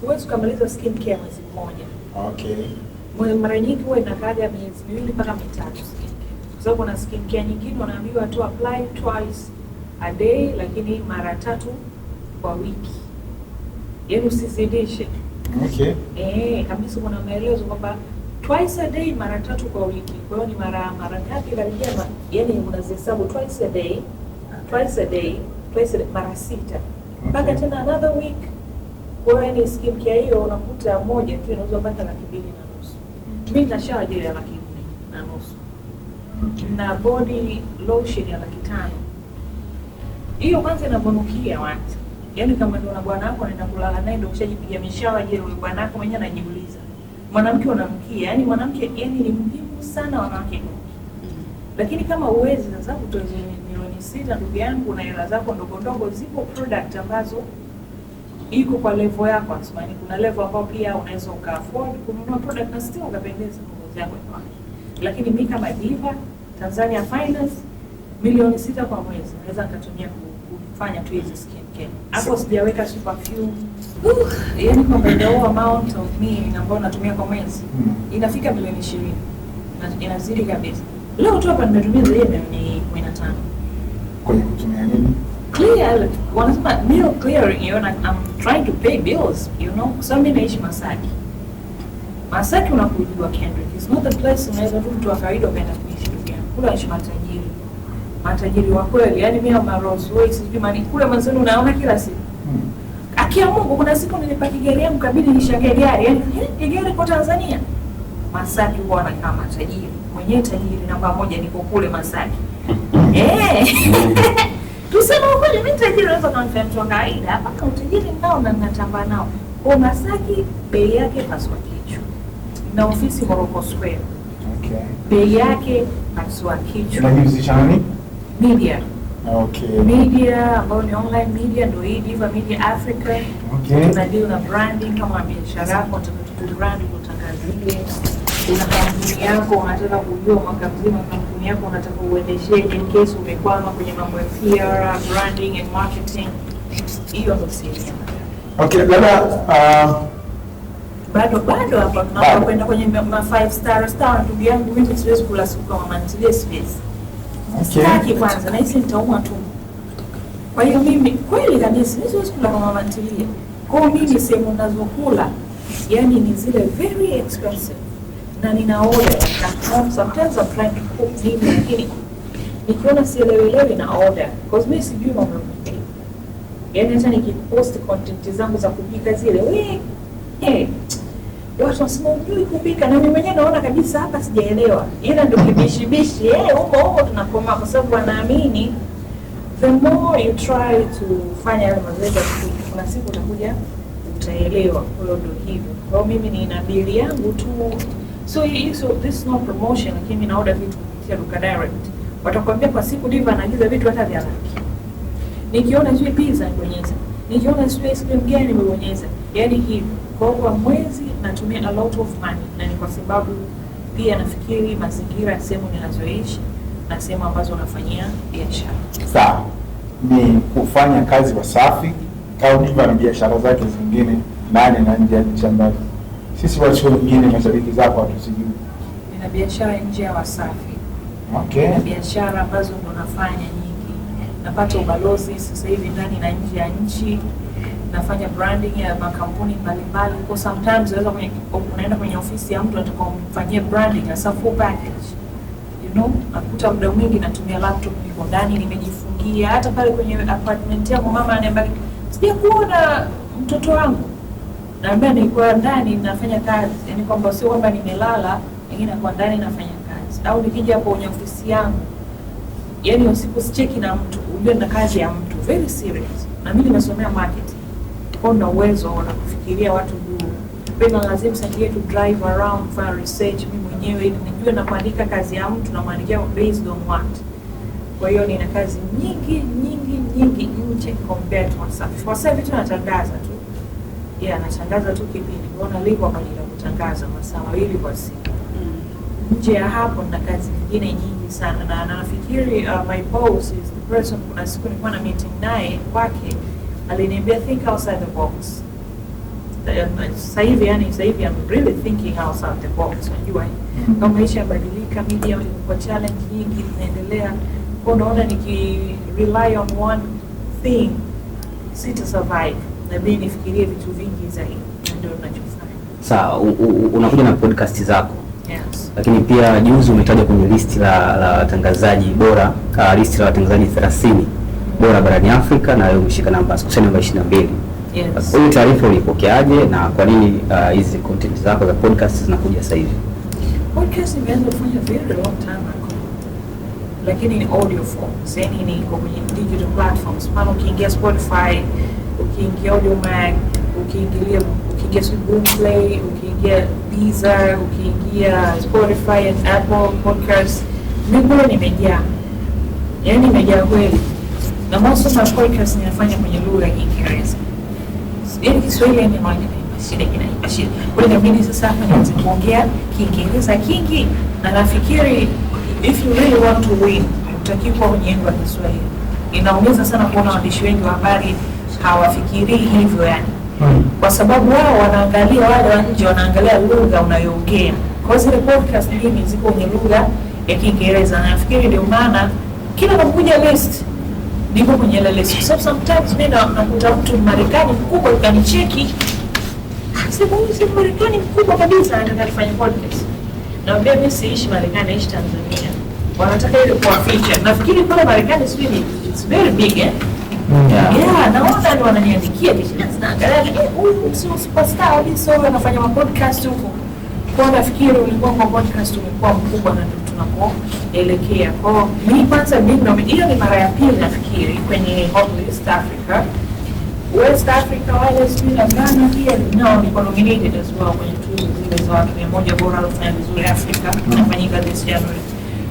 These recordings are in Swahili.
siwezi kumaliza skin care mwezi mmoja. Okay. Mara nyingi huwa inakaaga miezi miwili mpaka mitatu skincare, kwa sababu kuna care nyingine wanaambiwa tu apply twice a day, lakini mara tatu kwa wiki, yaani usizidishe. Okay. Eh, kabisa kuna maelezo kwamba twice a day mara tatu kwa wiki. Kwa hiyo ni mara mara ngapi karibia, yaani unazihesabu twice a day, twice a day, twice a day mara sita mpaka okay, tena another week kwa hiyo yani skincare hiyo unakuta moja tu inauzwa mpaka laki mbili na nusu. Mimi nina shower gel ya laki nne na nusu na body lotion ya laki tano. Hiyo kwanza inavonukia watu, yaani kama ndio na bwana wako anaenda kulala naye ndio ushajipigia mishawa je, wewe bwana wako mwenyewe anajiuliza. Mwanamke unamkia, yaani mwanamke yani ni muhimu sana wanawake. Lakini kama uwezi sasa kutoa milioni sita ndugu yangu na hela zako ndogo ndogo, zipo product ambazo iko kwa level yako Asmani. Kuna level ambayo pia unaweza uka afford kununua product na still ukapendeza kwa ngozi yako inawahi. Lakini mimi kama diva Tanzania Finance milioni sita kwa mwezi naweza nikatumia kufanya tu hizi skin care. Hapo sijaweka super perfume. Uh, yani kwa kwamba ndio amount of me ambao natumia kwa mwezi hmm. inafika milioni 20. Na inazidi kabisa. Leo tu hapa nimetumia zaidi ya milioni 15. Kwenye kutumia pia wanasema meal clearing, you know, I'm trying to pay bills, you know. So mimi naishi Masaki. Masaki unakujua Kendrick. It's not the place unaweza tu mtu wa kawaida ukaenda kuishi ndugu Kule wanaishi matajiri. Matajiri wa kweli. Yaani mimi na Rolls Royce sijui mani kule mazenu unaona kila siku. Hmm. Akia Mungu kuna siku nilipaki gari yangu kabidi nishangae gari. Yaani hii eh, kwa Tanzania. Masaki huwa wanakaa matajiri. Mwenyewe tajiri namba moja niko kule Masaki. Eh. Hmm. Tuseme ukweli, mimi tajiri naweza kunifanya mtu wa kawaida, mpaka utajiri nao na natamba nao. Kwa bei yake paswa kichwa na ofisi Morocco Square. Okay. Bei yake paswa kichwa. Unajihusisha chani? Media. Okay. Media ambayo ni online media ndio hii Diva Media Africa. Okay. Tuna deal na branding kama biashara yako, brand kutangazia una kampuni yako unataka kujua mwaka mzima kampuni yako unataka uendesheje, case umekwama kwenye mambo ya PR, branding and marketing. Hiyo ndio sisi. Okay, labda uh, bado bado hapa tunakwenda kwenye ma five star star. Ndugu yangu mimi siwezi kula supu kama mama siwezi okay. Sitaki kwanza, nahisi nitauma tu. Kwa hiyo mimi kweli kabisa siwezi kula kama mama Kwa hiyo mimi sehemu ninazokula yani ni zile very expensive na nina order na sometimes I'm trying to cook nini, lakini nikiona sielewelewi na order because mimi sijui mama ya Yani yaani hata nikipost content zangu za kupika zile we hey, watu wasema ujui kupika, na mimi mwenyewe naona kabisa hapa sijaelewa, ila ndio kibishibishi eh, hey, huko huko tunakoma, kwa sababu wanaamini the more you try to fanya yale mazoezi ya kupika, kuna siku utakuja utaelewa. Kwa hiyo ndio hivyo, kwa hiyo mimi ni inabili yangu tu So so this no promotion, lakini order vitu kupitia Luka Direct, watakwambia kwa siku ndivyo anaagiza vitu hata vya laki. Nikiona sio pizza nibonyeza, nikiona sio ice cream gani nimebonyeza, yaani hivi. Kwa kwa mwezi natumia a lot of money, na ni kwa sababu pia nafikiri mazingira ya sehemu ninazoishi na sehemu ambazo unafanyia biashara. Sawa, ni kufanya kazi Wasafi au ndivyo na biashara zake zingine ndani na nje ya nchi ambazo sisi Wachuo mjini mashariki zako hatuzijui. Nina biashara nje ya Wasafi. Okay. Nina biashara ambazo ndo nafanya nyingi, napata ubalozi sasa hivi ndani na nje ya nchi, nafanya branding ya makampuni mbalimbali, kwa sometimes unaweza kwenye unaenda kwenye ofisi ya mtu atakuwa umfanyie branding hasa full package you know, nakuta muda mwingi natumia laptop, niko ndani nimejifungia, hata pale kwenye apartment yangu mama ananiambia sijakuona mtoto wangu naambia nilikuwa ndani nafanya kazi, yani kwamba sio kwamba nimelala, lakini nakuwa ndani nafanya kazi, au nikija hapo kwenye ofisi yangu, yani usiku sicheki na mtu, ujue na kazi ya mtu, very serious. Na mimi nimesomea marketing, kwa na uwezo na kufikiria watu juu pena lazima sasa to drive around for research mimi mwenyewe ili nijue na kuandika kazi ya mtu na kuandikia based on what. Kwa hiyo nina kazi nyingi nyingi nyingi nje compared to Wasafi. Wasafi tu natangaza tu yeah, anatangaza tu kipindi mbona lipo kwa ajili kutangaza masaa mawili kwa siku mm. Nje ya hapo na kazi nyingine nyingi sana, na nafikiri uh, my boss is the person. Kuna siku nilikuwa na meeting naye kwake, aliniambia think outside the box. Sasa hivi yani, sasa hivi I'm really thinking outside the box. Unajua mm kama maisha yabadilika, media imekuwa challenge nyingi zinaendelea, kwa unaona niki rely on one thing sita survive nabidi nifikirie vitu vingi zaidi, Sawa, unakuja na podcast zako yes. Lakini pia juzi umetaja kwenye listi la la watangazaji bora uh, listi la watangazaji 30 bora barani Afrika na leo umeshika namba sikusema namba 22. Yes. Hiyo taarifa ulipokeaje na kwa nini uh, hizi uh, content zako za podcast zinakuja sasa hivi? Podcast imeanza kufanya very long time ago. Lakini ni audio form. Sasa ni kwenye digital platforms. Mfano ukiingia Spotify ukiingia Audiomack, ukiingilia ukiingia Boomplay, ukiingia Deezer, ukiingia Spotify and Apple Podcast, miguro nimejaa, yaani nimejaa kweli, na most of my podcast ninafanya kwenye lugha ya Kiingereza, yaani Kiswahili yaani moja shida kinaipa shida. Kwa hiyo inabidi sasa hapa nianze kuongea Kiingereza kingi, na nafikiri if you really want to win, utakiwa kwenye engo ya Kiswahili. Inaongeza sana kuona waandishi wengi wa habari hawafikirii hivyo yani mm. kwa sababu wao wanaangalia wale wa nje wanaangalia lugha unayoongea kwa zile podcast nyingi ziko kwenye lugha ya Kiingereza na nafikiri ndio maana kila nakuja list niko kwenye ile list, so sometimes mimi na, nakuta mtu Marekani mkubwa kanicheki sababu ni si Marekani mkubwa kabisa, anataka kufanya podcast. Naambia mimi siishi Marekani, naishi Tanzania. Wanataka ile feature Nafikiri pale Marekani sio ni it's very big eh? naona mm. eh, ndio wananiandikia huyu kwao. Mi kwanza hiyo ni mara ya pili nafikiri kwenye Hot List Africa West Africa wale sijui na Ghana pia nao ni nominated as well kwenye tuzo zile za watu mia moja bora waliofanya vizuri Afrika mm. inafanyika this January.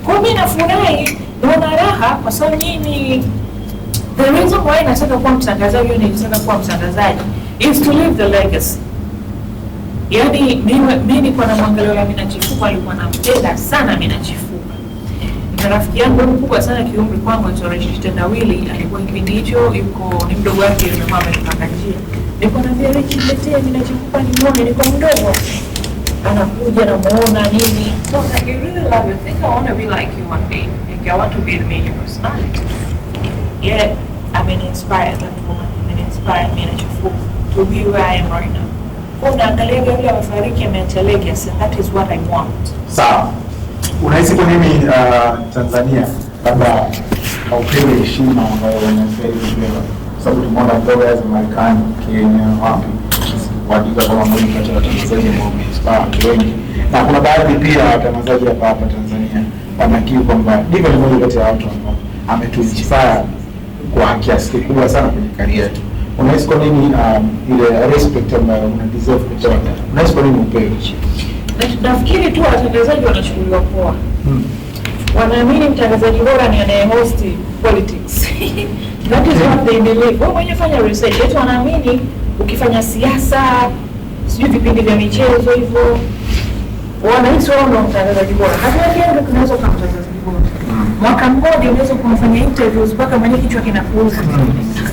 Kwa mi nafurahi, naona raha kwa sababu mimi The reason why nataka kuwa mtangazaji au nilitaka kuwa mtangazaji is to leave the legacy. Yaani mimi kwa na mwangalio ya Amina Chifuko alikuwa nampenda sana Amina Chifuko. Na rafiki yangu mkubwa sana kiumri kwangu anaitwa Rashid Tendawili, alikuwa kipindi hicho yuko ni mdogo wake yule mama alipanga njia. Nilikuwa naambia Rashid niletee Amina Chifuko nimuone, nilikuwa mdogo. Anakuja na muona nini. So I really love you. I think I want to be like you one day. I want to be the main personality. Yeah ameninspire that woman, and inspired me to be where I am right now. is I Sawa. Unahisi kwa nini uh, Tanzania labda haupewi heshima ambayo wanastahili kupewa? Sababu tumeona bloggers za Marekani, Kenya, wapi kuandika kama moja kati ya watangazaji ambao wameinspire watu wengi, na kuna baadhi pia watangazaji hapa hapa Tanzania wanakiri kwamba ndivyo ni moja kati ya watu ambao ametuinspire kwa kiasi kikubwa sana kwenye kari yetu. Unahisi kwa nini um, ile respect ambayo una deserve kupewa? Unahisi kwa nini upewe? Nafikiri tu watangazaji wanachukuliwa poa. Hmm. Wanaamini mtangazaji bora ni anaye host politics. That is what they believe. Wao wenyewe fanya research. Watu wanaamini ukifanya siasa, sijui vipindi vya michezo hivyo, wanahisi wao ndio mtangazaji bora. Hata yeye ndio tunaweza kumtangaza mwaka mmoja unaweza kumfanya interviews mpaka mwenye kichwa kinakuuza.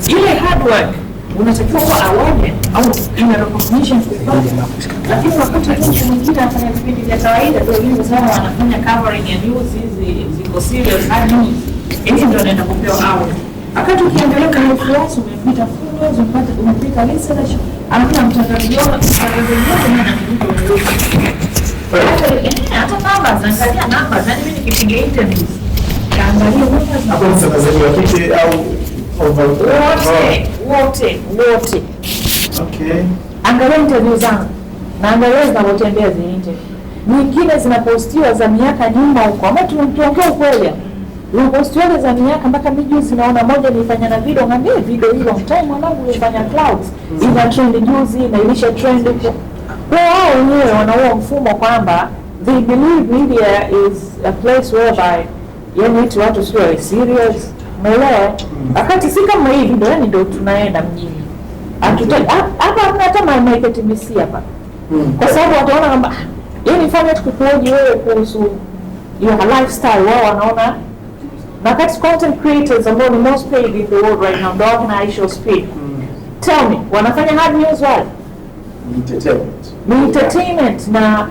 Ile hard work unatakiwa kuwa aware au ina recognition kuipata, lakini unakuta nchi nyingine anafanya vipindi vya kawaida, ndio hizo sana wanafanya covering ya news hizi ziko serious hadi hizi ndio anaenda kupewa award. Wakati ukiendelea kwenye class umepita funnels, umepata umepita research, alafu mtangazaji wako mtangazaji wako ni anakuja hata kama zangalia namba, yani mimi nikipiga interviews Watanzania wa kike au wote wote wote. Okay, angalia interview zangu na angalia zinapotembea zile interview nyingine zinapostiwa za miaka nyuma huko, ama tuongee ukweli, zinapostiwa za miaka mpaka mimi zinaona moja nilifanya na video, ngambie video hiyo time mwanangu nilifanya clouds, ina trend juzi na ilisha trend huko. Kwa wao wenyewe wanaua mfumo kwamba they believe media is a place whereby yani eti watu sio wa serious, umeelewa? Eh? Mm. Wakati si kama hivi ndo, yani ndo tunaenda mjini mm. hapa, hamna hata maiketimisi hapa, mm. kwa sababu wataona kwamba yani fanya tukukuoji wewe kuhusu your lifestyle, wao wanaona na kati content creators ambao ni most paid in the world right now ndio wana issue speed. Tell me, wanafanya hard news wale? Ni entertainment na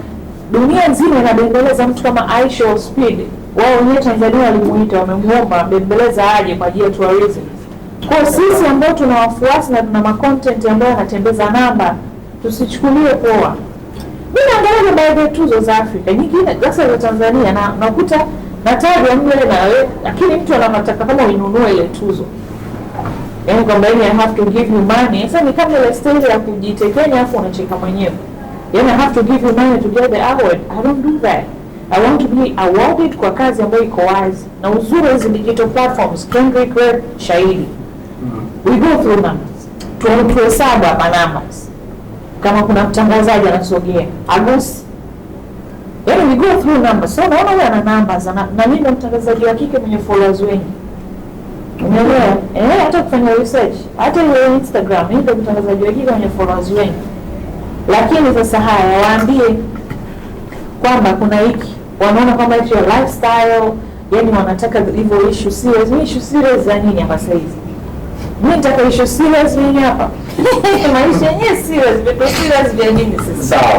dunia nzima inabembeleza mtu kama Aisha Speed wao wenyewe Tanzania walimuita, wamemuomba Bembeleza aje kwa ajili ya tourism. Kwa sisi ambao tuna wafuasi na tuna macontent ambayo yanatembeza namba, tusichukulie poa. Mimi naangalia baadhi ya tuzo za Afrika nyingine, hasa za Tanzania, na nakuta natajwa mle na wewe, lakini mtu anataka kama uinunue ile tuzo yaani kwamba yani I have to give you money. Sasa ni kama ile staili ya kujitekenya, afu unacheka mwenyewe, yani I have to give you money to get the award. I don't do that. I want to be awarded kwa kazi ambayo iko wazi na uzuri wa hizi digital platforms Kendrick Web shahidi mm -hmm. we go through numbers Tuone tu hesabu hapa numbers kama kuna mtangazaji anasogea Agus. yaani we go through numbers so naona huyo ana numbers na, na mimi ndo mtangazaji wa kike mwenye followers wengi umeelewa eh hata kufanya research hata ile Instagram mimi ndo mtangazaji wa kike mwenye followers wengi lakini sasa haya waambie kwamba kuna hiki wanaona kwamba hicho ya lifestyle, yani wanataka hivyo issue serious. Mimi issue serious za nini hapa sasa hivi? Mimi nitaka issue serious nini hapa. Maisha yenyewe serious, vitu serious vya nini sasa? Sawa,